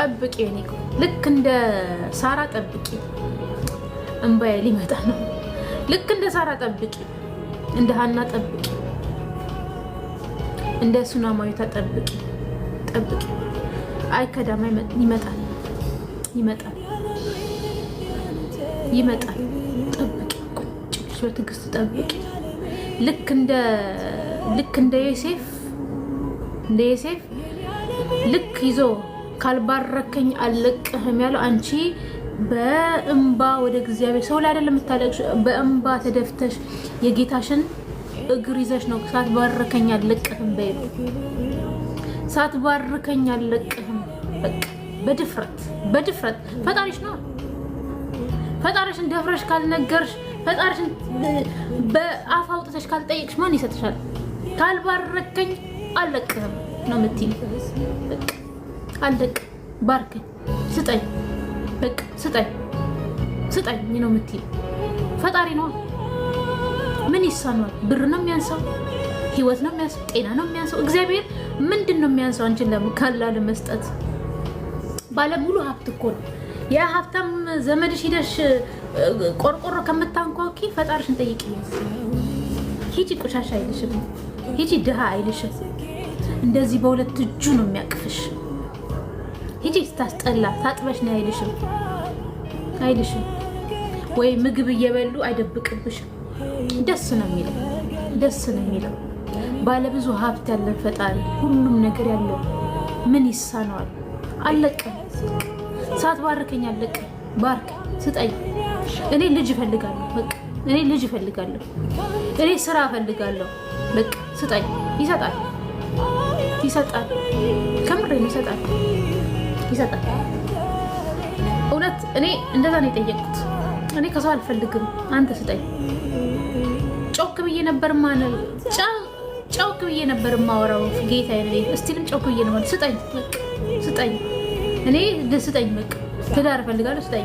ጠብቂ፣ የኔ ልክ እንደ ሳራ ጠብቂ። እንባዬ ሊመጣ ነው። ልክ እንደ ሳራ ጠብቂ፣ እንደ ሀና ጠብቂ፣ እንደ ሱናማዊታ ጠብቂ፣ ጠብቂ። አይ ከዳማ ይመጣል፣ ይመጣል፣ ይመጣል። ጠብቂ፣ ቁጭ ብለሽ በትዕግስት ጠብቂ። ልክ እንደ ልክ እንደ ዮሴፍ እንደ ዮሴፍ ልክ ይዞ ካልባረከኝ አልለቅህም ያለው አንቺ በእንባ ወደ እግዚአብሔር ሰው ላይ አይደለም የምታለቅሽ፣ በእንባ ተደፍተሽ የጌታሽን እግር ይዘሽ ነው። ሳትባርከኝ አልለቅህም በይ፣ ሳትባርከኝ አልለቅህም። በቃ በድፍረት በድፍረት ፈጣሪሽ ነው። ፈጣሪሽን ደፍረሽ ካልነገርሽ፣ ፈጣሪሽን በአፍ አውጥተሽ ካልጠየቅሽ ማን ይሰጥሻል? ካልባረከኝ አልለቅህም ነው የምትይኝ። አለቅ ባርከኝ፣ ስጠኝ፣ በቃ ስጠኝ፣ ስጠኝ ነው የምትይው። ፈጣሪ ነው ምን ይሳኗል? ብር ነው የሚያንሳው? ህይወት ነው የሚያንሳው? ጤና ነው የሚያንሰው እግዚአብሔር ምንድን ነው የሚያንሳው? አንቺን ለካላ ለመስጠት ባለ ሙሉ ሀብት እኮ ነው። ያ ሀብታም ዘመድሽ ሂደሽ ቆርቆሮ ከምታንኳኪ ፈጣሪሽን ጠይቂ። ሂጂ ቆሻሻ አይልሽም፣ ሂጂ ድሃ አይልሽም። እንደዚህ በሁለት እጁ ነው የሚያቅፍሽ። ሂጂ ስታስጠላ ታጥበሽ ነው አይልሽም አይልሽም ወይ ምግብ እየበሉ አይደብቅብሽም። ደስ ነው የሚለው ደስ ነው የሚለው ባለብዙ ሀብት ያለን ፈጣሪ ሁሉም ነገር ያለው ምን ይሳነዋል? አለቅም ባርከኝ፣ አለቅም። ባርክ ስጠኝ። እኔ ልጅ እፈልጋለሁ። በቃ እኔ ልጅ እፈልጋለሁ። እኔ ስራ እፈልጋለሁ። በቃ ስጠኝ። ይሰጣል ይሰጣል። ከምሬ ይሰጣል። ይሰጣል። እውነት እኔ እንደዛ ነው የጠየቁት። እኔ ከሰው አልፈልግም፣ አንተ ስጠኝ። ጮክ ብዬ ነበር ማነው ጮክ ብዬ ነበር የማወራው ጌታ ይ እስቲልም ጮክ ብዬ ነበር። ስጠኝ በቃ ስጠኝ፣ እኔ ስጠኝ በቃ ትዳር እፈልጋለሁ፣ ስጠኝ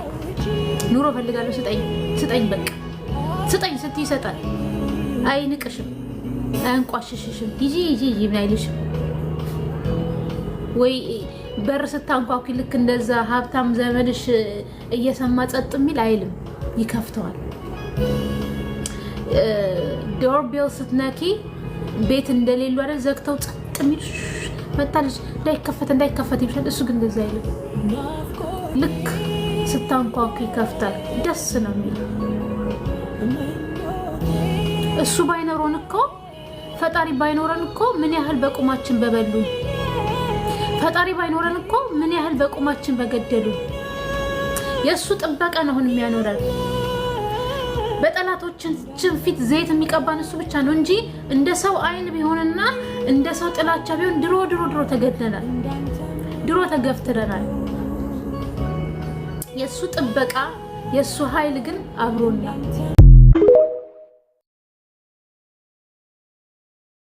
ኑሮ እፈልጋለሁ፣ ስጠኝ ስጠኝ በቃ ስጠኝ ስትይ ይሰጣል። አይንቅሽም፣ አያንቋሽሽሽም። ይዤ ይዤ ይዤ ምን አይልሽም ወይ በር ስታንኳኩ ልክ እንደዛ ሀብታም ዘመድሽ እየሰማ ጸጥ የሚል አይልም፣ ይከፍተዋል። ዶርቤል ስትነኪ ቤት እንደሌሉ አይደል ዘግተው ጸጥ የሚል መታለች፣ እንዳይከፈት እንዳይከፈት ይሉሻል። እሱ ግን እንደዛ አይልም። ልክ ስታንኳኩ ይከፍታል። ደስ ነው የሚል እሱ ባይኖረን እኮ ፈጣሪ ባይኖረን እኮ ምን ያህል በቁማችን በበሉ ፈጣሪ ባይኖረን እኮ ምን ያህል በቁማችን በገደሉ። የእሱ ጥበቃ ነው አሁን የሚያኖረን። በጠላቶችን ፊት ዘይት የሚቀባን እሱ ብቻ ነው እንጂ እንደ ሰው አይን ቢሆንና እንደ ሰው ጥላቻ ቢሆን ድሮ ድሮ ድሮ ተገድለናል፣ ድሮ ተገፍትረናል። የእሱ ጥበቃ የእሱ ኃይል ግን አብሮናል።